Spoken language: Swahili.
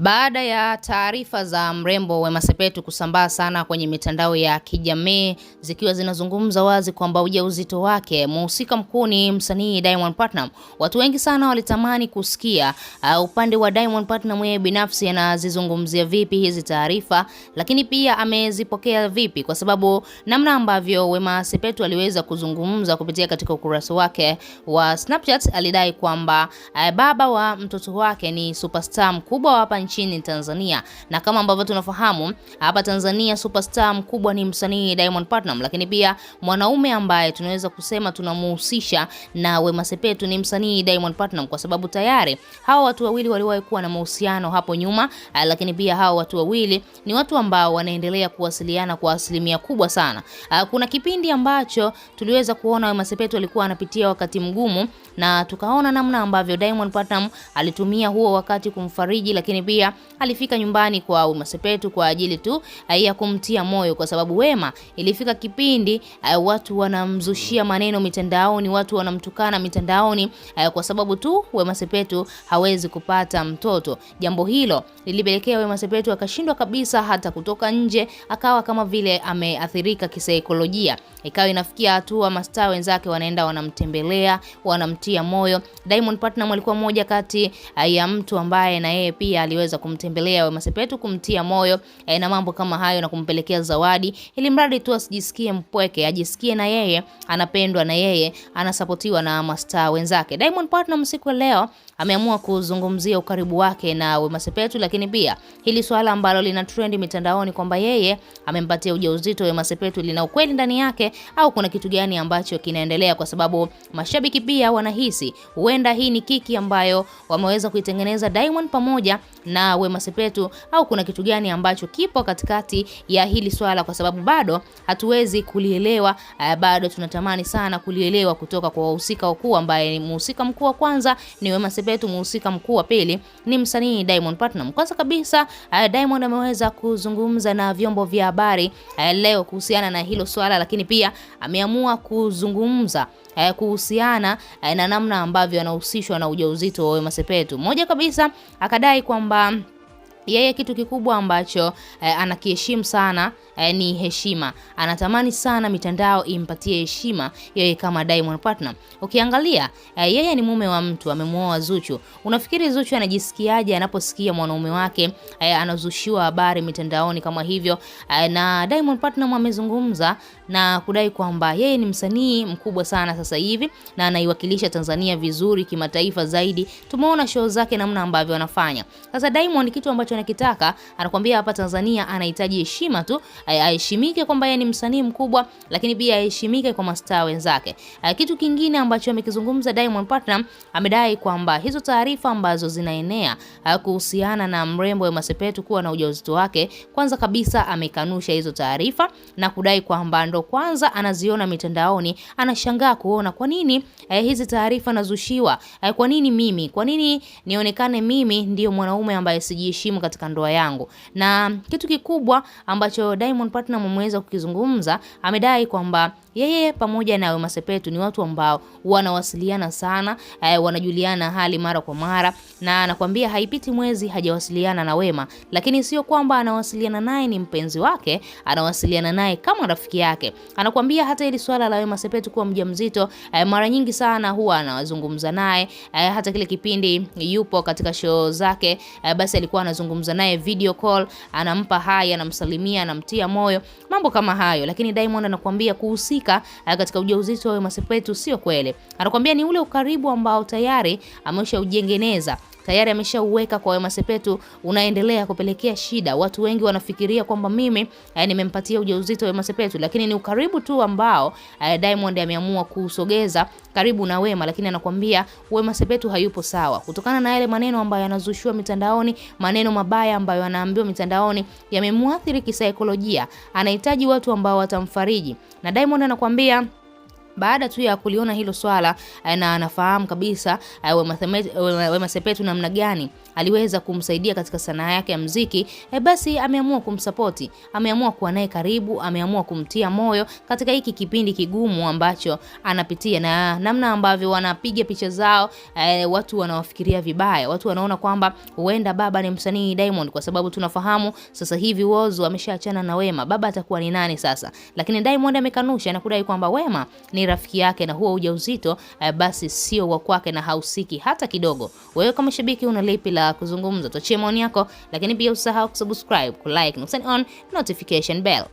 Baada ya taarifa za mrembo Wema Sepetu kusambaa sana kwenye mitandao ya kijamii zikiwa zinazungumza wazi kwamba ujauzito wake, mhusika mkuu ni msanii Diamond Platnumz, watu wengi sana walitamani kusikia uh, upande wa Diamond Platnumz yeye binafsi anazizungumzia vipi hizi taarifa, lakini pia amezipokea vipi, kwa sababu namna ambavyo Wema Sepetu aliweza kuzungumza kupitia katika ukurasa wake wa Snapchat, alidai kwamba uh, baba wa mtoto wake ni superstar mkubwa hapa nchini Tanzania, na kama ambavyo tunafahamu hapa Tanzania superstar mkubwa ni msanii Diamond Platnumz, lakini pia mwanaume ambaye tunaweza kusema tunamuhusisha na Wema Sepetu ni msanii Diamond Platnumz, kwa sababu tayari hawa watu wawili waliwahi kuwa na mahusiano hapo nyuma, ah, lakini pia hawa watu wawili ni watu ambao wanaendelea kuwasiliana kwa asilimia kubwa sana. Ah, kuna kipindi ambacho tuliweza kuona Wema Sepetu alikuwa anapitia wakati mgumu na tukaona namna ambavyo Diamond Platnumz alitumia huo wakati kumfariji, lakini pia Maria alifika nyumbani kwa Auma Sepetu kwa ajili tu eh, ya kumtia moyo, kwa sababu Wema ilifika kipindi eh, watu wanamzushia maneno mitandaoni, watu wanamtukana mitandaoni eh, kwa sababu tu Wema Sepetu hawezi kupata mtoto. Jambo hilo lilipelekea Wema Sepetu akashindwa kabisa hata kutoka nje, akawa kama vile ameathirika kisaikolojia. Ikawa inafikia hatua mastaa wenzake wanaenda wanamtembelea, wanamtia moyo. Diamond Platnumz alikuwa mmoja kati ya mtu ambaye na yeye pia ali aliweza kumtembelea Wema Sepetu kumtia moyo e, na mambo kama hayo na kumpelekea zawadi, ili mradi tu asijisikie mpweke, ajisikie na yeye anapendwa, na yeye anasapotiwa na mastaa wenzake. Diamond Platnumz siku leo ameamua kuzungumzia ukaribu wake na Wema Sepetu, lakini pia hili swala ambalo lina trend mitandaoni kwamba yeye amempatia ujauzito Wema Sepetu lina ukweli ndani yake au kuna kitu gani ambacho kinaendelea, kwa sababu mashabiki pia wanahisi huenda hii ni kiki ambayo wameweza kuitengeneza Diamond pamoja na Wema Sepetu au kuna kitu gani ambacho kipo katikati ya hili swala, kwa sababu bado hatuwezi kulielewa, eh, bado tunatamani sana kulielewa kutoka kwa wahusika wakuu, ambaye mhusika mkuu wa kwanza ni Wema Sepetu, mhusika mkuu wa pili ni msanii Diamond Platnumz. Kwanza kabisa eh, Diamond ameweza kuzungumza na vyombo vya habari eh, leo kuhusiana na hilo swala, lakini pia ameamua kuzungumza kuhusiana na namna ambavyo anahusishwa na ujauzito wa Wema Sepetu. Moja kabisa akadai kwamba um, Yeye kitu kikubwa ambacho eh, anakiheshimu sana eh, ni heshima. Anatamani sana mitandao impatie heshima yeye kama Diamond Platnumz. Ukiangalia eh, yeye ni mume wa mtu, amemwoa Zuchu. Unafikiri Zuchu anajisikiaje anaposikia mwanaume wake eh, anazushiwa habari mitandaoni kama hivyo? Eh, na Diamond Platnumz amezungumza na kudai kwamba yeye ni msanii mkubwa sana sasa hivi na anaiwakilisha Tanzania vizuri kimataifa zaidi. Tumeona show zake namna ambavyo anafanya. Sasa Diamond kitu ambacho anakitaka, anakuambia hapa Tanzania anahitaji heshima tu, aheshimike kwamba yeye ni msanii mkubwa, lakini pia aheshimike kwa mastaa wenzake. Kitu kingine ambacho amekizungumza Diamond Platinum, amedai kwamba hizo taarifa ambazo zinaenea kuhusiana na mrembo Wema Sepetu kuwa na ujauzito wake, kwanza kabisa amekanusha hizo taarifa na kudai kwamba ndo kwanza anaziona mitandaoni, anashangaa kuona kwa nini eh, hizi taarifa nazushiwa. Eh, kwa nini mimi? Kwa nini nionekane mimi ndiyo mwanaume ambaye sijiheshimu katika ndoa yangu. Na kitu kikubwa ambacho Diamond Platnumz ameweza kukizungumza, amedai kwamba yeye pamoja na Wema Sepetu ni watu ambao wanawasiliana sana, eh, wanajuliana hali mara kwa mara, na anakuambia haipiti mwezi hajawasiliana na Wema, lakini sio kwamba anawasiliana naye ni mpenzi wake, anawasiliana naye kama rafiki yake. Anakuambia hata ile swala la Wema Sepetu kuwa mjamzito, eh, mara nyingi sana huwa anawazungumza naye, eh, hata kile kipindi yupo katika show zake, eh, basi alikuwa anazungumza anazungumza naye video call, anampa hai anamsalimia, anamtia moyo, mambo kama hayo. Lakini Diamond anakuambia kuhusika eh, katika ujauzito wa Wema Sepetu sio kweli. Anakuambia ni ule ukaribu ambao tayari ameshaujengeneza tayari ameshauweka kwa Wema Sepetu, unaendelea kupelekea shida. Watu wengi wanafikiria kwamba mimi eh, nimempatia ujauzito Wema Sepetu, lakini ni ukaribu tu ambao eh, Diamond ameamua kusogeza karibu na Wema, lakini anakuambia Wema Sepetu hayupo sawa, kutokana na yale maneno ambayo yanazushiwa mitandaoni, maneno mabaya ambayo anaambiwa mitandaoni yamemwathiri kisaikolojia, anahitaji watu ambao watamfariji na Diamond anakuambia baada tu ya kuliona hilo swala eh, na anafahamu kabisa eh, Wema Sepetu namna gani aliweza kumsaidia katika sanaa yake ya muziki, e, basi ameamua kumsapoti, ameamua kuwa naye karibu, ameamua kumtia moyo katika hiki kipindi kigumu ambacho anapitia na namna ambavyo wanapiga picha zao, e, watu wanawafikiria vibaya, watu wanaona kwamba huenda baba ni msanii Diamond, kwa sababu tunafahamu sasa hivi Whozu ameshaachana na Wema, baba atakuwa ni nani sasa? Lakini Diamond amekanusha na kudai kwamba Wema ni rafiki yake na huo ujauzito, e, basi sio wa kwake na hausiki hata kidogo. Wewe kama shabiki una lipi la kuzungumza. Tuachie maoni yako, lakini pia usahau kusubscribe, kulike na kusign on notification bell.